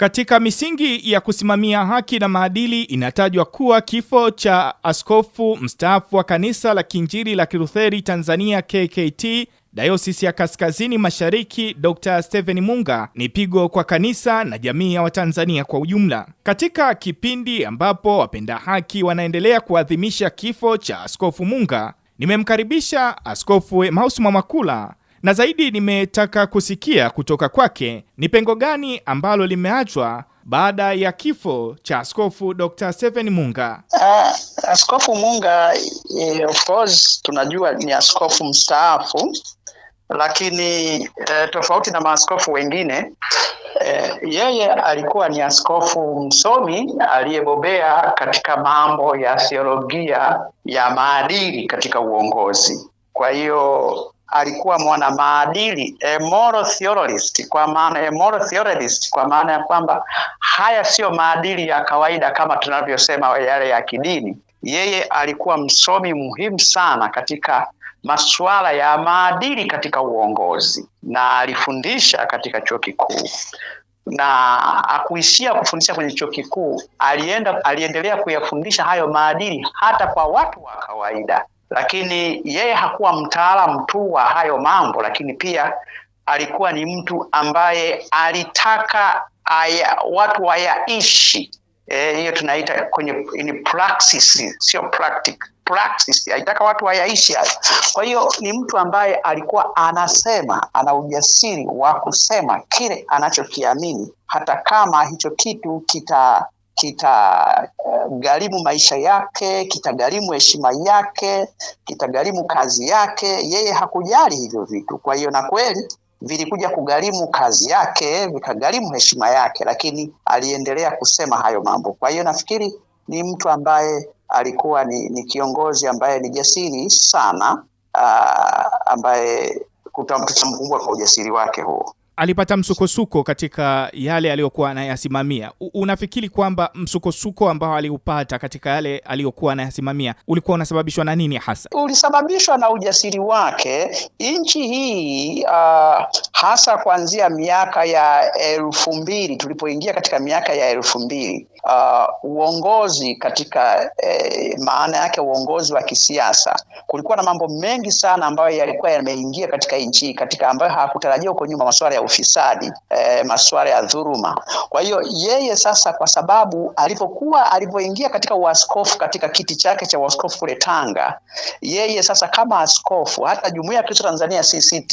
Katika misingi ya kusimamia haki na maadili inatajwa kuwa kifo cha askofu mstaafu wa kanisa la Kiinjili la Kilutheri Tanzania KKT Dayosisi ya Kaskazini Mashariki Dr. Steven Munga ni pigo kwa kanisa na jamii ya Watanzania kwa ujumla. Katika kipindi ambapo wapenda haki wanaendelea kuadhimisha kifo cha Askofu Munga, nimemkaribisha Askofu mausuma Mwamakula na zaidi nimetaka kusikia kutoka kwake ni pengo gani ambalo limeachwa baada ya kifo cha Askofu Dr. seven Munga. Uh, Askofu Munga eh, of course tunajua ni askofu mstaafu, lakini eh, tofauti na maaskofu wengine eh, yeye alikuwa ni askofu msomi aliyebobea katika mambo ya theolojia ya maadili katika uongozi. Kwa hiyo alikuwa mwana maadili, a eh, moral theorist, kwa maana a eh, moral theorist, kwa maana ya kwamba haya siyo maadili ya kawaida kama tunavyosema yale ya kidini. Yeye alikuwa msomi muhimu sana katika masuala ya maadili katika uongozi na alifundisha katika chuo kikuu na akuishia kufundisha kwenye chuo kikuu, alienda aliendelea kuyafundisha hayo maadili hata kwa watu wa kawaida. Lakini yeye hakuwa mtaalamu tu wa hayo mambo, lakini pia alikuwa ni mtu ambaye alitaka aya, watu wayaishi e, hiyo e, tunaita kwenye ni praxis, sio practic praxis. Alitaka watu wayaishi hayo. Kwa hiyo ni mtu ambaye alikuwa anasema, ana ujasiri wa kusema kile anachokiamini, hata kama hicho kitu kita kitagharimu eh, maisha yake, kitagharimu heshima yake, kitagharimu kazi yake. Yeye hakujali hivyo vitu. Kwa hiyo na kweli vilikuja kugharimu kazi yake, vikagharimu heshima yake, lakini aliendelea kusema hayo mambo. Kwa hiyo nafikiri ni mtu ambaye alikuwa ni, ni kiongozi ambaye ni jasiri sana, aa, ah, ambaye tutamkumbuka kwa ujasiri wake huo alipata msukosuko katika yale aliyokuwa anayasimamia. Unafikiri kwamba msukosuko ambao aliupata katika yale aliyokuwa anayasimamia ulikuwa unasababishwa na nini hasa? Ulisababishwa na ujasiri wake. Nchi hii uh, hasa kuanzia miaka ya elfu mbili tulipoingia katika miaka ya elfu mbili uh, uongozi katika eh, maana yake uongozi wa kisiasa, kulikuwa na mambo mengi sana ambayo yalikuwa yameingia katika nchi hii katika ambayo hakutarajia huko nyuma, masuala ya ufisadi e, eh, masuala ya dhuruma. Kwa hiyo yeye sasa, kwa sababu alipokuwa alipoingia katika uaskofu katika kiti chake cha uaskofu kule Tanga, yeye sasa kama askofu, hata jumuiya ya Kristo Tanzania CCT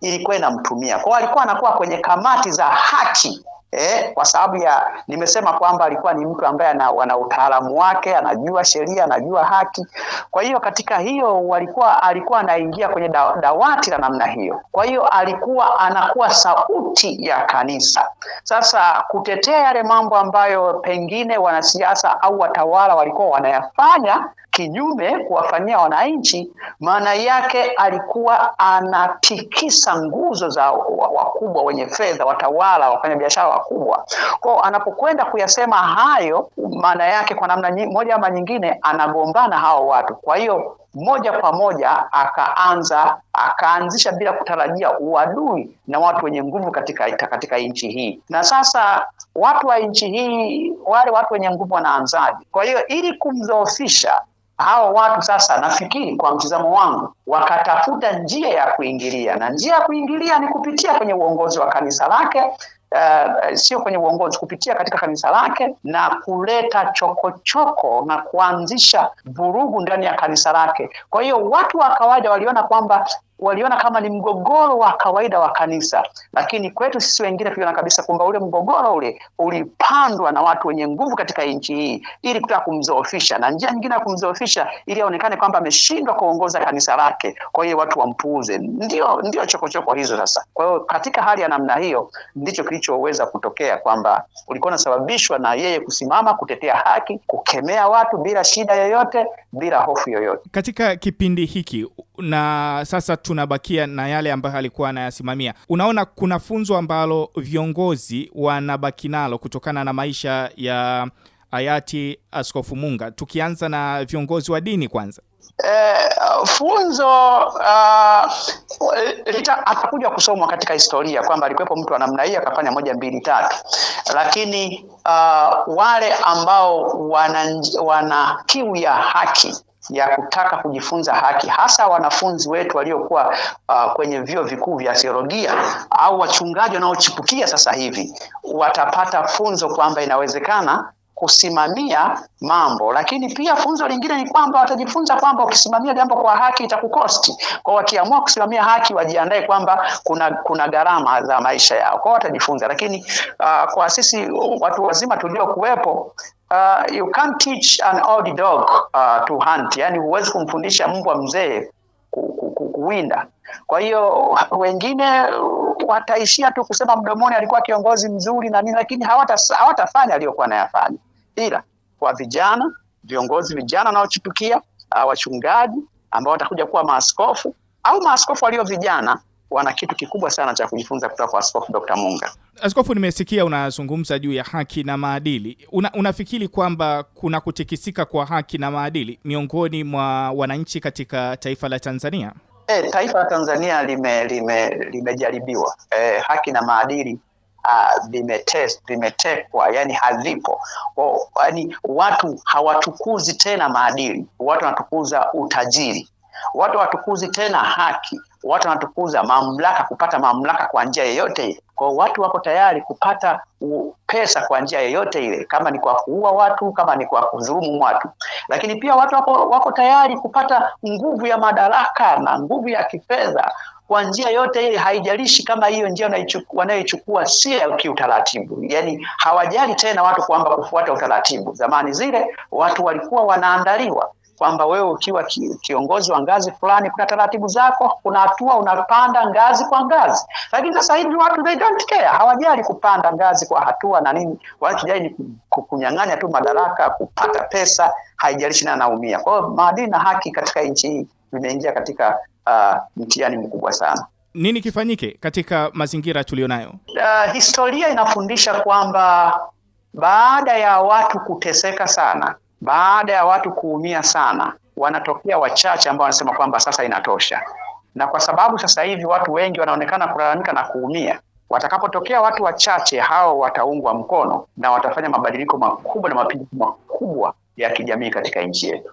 ilikuwa inamtumia kwao, alikuwa anakuwa kwenye kamati za haki Eh, kwa sababu ya nimesema kwamba alikuwa ni mtu ambaye ana, utaalamu wake, anajua sheria, anajua haki. Kwa hiyo katika hiyo walikuwa alikuwa anaingia kwenye da, dawati la namna hiyo. Kwa hiyo alikuwa anakuwa sauti ya kanisa. Sasa kutetea yale mambo ambayo pengine wanasiasa au watawala walikuwa wanayafanya kinyume kuwafanyia wananchi, maana yake alikuwa anatikisa nguzo za wakubwa wenye fedha, watawala, wafanyabiashara wakubwa. Kwao anapokwenda kuyasema hayo, maana yake kwa namna moja ama nyingine anagombana hao watu, kwa hiyo moja kwa moja akaanza akaanzisha bila kutarajia uadui na watu wenye nguvu katika, katika nchi hii. Na sasa watu wa nchi hii wale watu wenye nguvu wanaanzaji Kwa hiyo ili kumdhoofisha hao watu sasa, nafikiri kwa mtizamo wangu, wakatafuta njia ya kuingilia, na njia ya kuingilia ni kupitia kwenye uongozi wa kanisa lake uh, sio kwenye uongozi, kupitia katika kanisa lake na kuleta chokochoko choko na kuanzisha vurugu ndani ya kanisa lake. Kwa hiyo watu wa kawaida waliona kwamba waliona kama ni mgogoro wa kawaida wa kanisa, lakini kwetu sisi wengine tuliona kabisa kwamba ule mgogoro ule ulipandwa na watu wenye nguvu katika nchi hii ili kutaka kumzoofisha, na njia nyingine ya kumzoofisha ili aonekane kwamba ameshindwa kuongoza kanisa lake, kwa hiyo watu wampuuze. Ndio, ndio chokochoko hizo sasa. Kwa hiyo katika hali ya namna hiyo ndicho kilichoweza kutokea kwamba ulikuwa unasababishwa na yeye kusimama kutetea haki, kukemea watu bila shida yoyote, bila hofu yoyote katika kipindi hiki na sasa tunabakia na yale ambayo alikuwa anayasimamia. Unaona, kuna funzo ambalo viongozi wanabaki nalo kutokana na maisha ya hayati Askofu Munga, tukianza na viongozi wa dini kwanza. Eh, funzo uh, atakuja kusomwa katika historia kwamba alikuwepo mtu wa namna hii akafanya moja mbili tatu, lakini uh, wale ambao wana, wana kiu ya haki ya kutaka kujifunza haki, hasa wanafunzi wetu waliokuwa uh, kwenye vyuo vikuu vya theolojia au wachungaji wanaochipukia sasa hivi watapata funzo kwamba inawezekana kusimamia mambo, lakini pia funzo lingine ni kwamba watajifunza kwamba ukisimamia jambo kwa haki itakukosti. Kwa wakiamua kusimamia haki, wajiandae kwamba kuna kuna gharama za maisha yao, kwa watajifunza. Lakini uh, kwa sisi watu wazima tuliokuwepo uh, you can't teach an old dog uh, to hunt, yani huwezi kumfundisha mbwa mzee kuwinda. Kwa hiyo wengine wataishia tu kusema mdomoni alikuwa kiongozi mzuri na nini, lakini hawatafanya hawata aliyokuwa anayafanya. Ila kwa vijana, viongozi vijana wanaochipukia, uh, wachungaji ambao watakuja kuwa maaskofu au maaskofu walio vijana wana kitu kikubwa sana cha kujifunza kutoka kwa Askofu Dr. Munga. Askofu, nimesikia unazungumza juu ya haki na maadili. Una, unafikiri kwamba kuna kutikisika kwa haki na maadili miongoni mwa wananchi katika taifa la Tanzania? E, taifa la Tanzania limejaribiwa lime, lime e, haki na maadili vimetekwa, yani hazipo Yani watu hawatukuzi tena maadili, watu wanatukuza utajiri, watu hawatukuzi tena haki watu wanatukuza mamlaka, kupata mamlaka kwa njia yoyote. Kwa watu wako tayari kupata pesa kwa njia yoyote ile, kama ni kwa kuua watu, kama ni kwa kudhulumu watu. Lakini pia watu wako, wako tayari kupata nguvu ya madaraka na nguvu ya kifedha kwa njia yote ile, haijalishi kama hiyo njia wanayoichukua si ya kiutaratibu. Yani hawajali tena watu kwamba kufuata utaratibu. Zamani zile watu walikuwa wanaandaliwa kwamba wewe ukiwa kiongozi wa ngazi fulani, kuna taratibu zako, kuna hatua unapanda ngazi kwa ngazi. Lakini sasa hivi watu they don't care, hawajali kupanda ngazi kwa hatua na nini, wanachojali ni kunyang'anya tu madaraka, kupata pesa, haijalishi na naumia Kwa hiyo maadili na haki katika nchi hii vimeingia katika uh, mtihani mkubwa sana. Nini kifanyike katika mazingira tuliyonayo? Uh, historia inafundisha kwamba baada ya watu kuteseka sana baada ya watu kuumia sana, wanatokea wachache ambao wanasema kwamba sasa inatosha. Na kwa sababu sasa hivi watu wengi wanaonekana kulalamika na kuumia, watakapotokea watu wachache hao wataungwa mkono na watafanya mabadiliko makubwa na mapinduzi makubwa ya kijamii katika nchi yetu.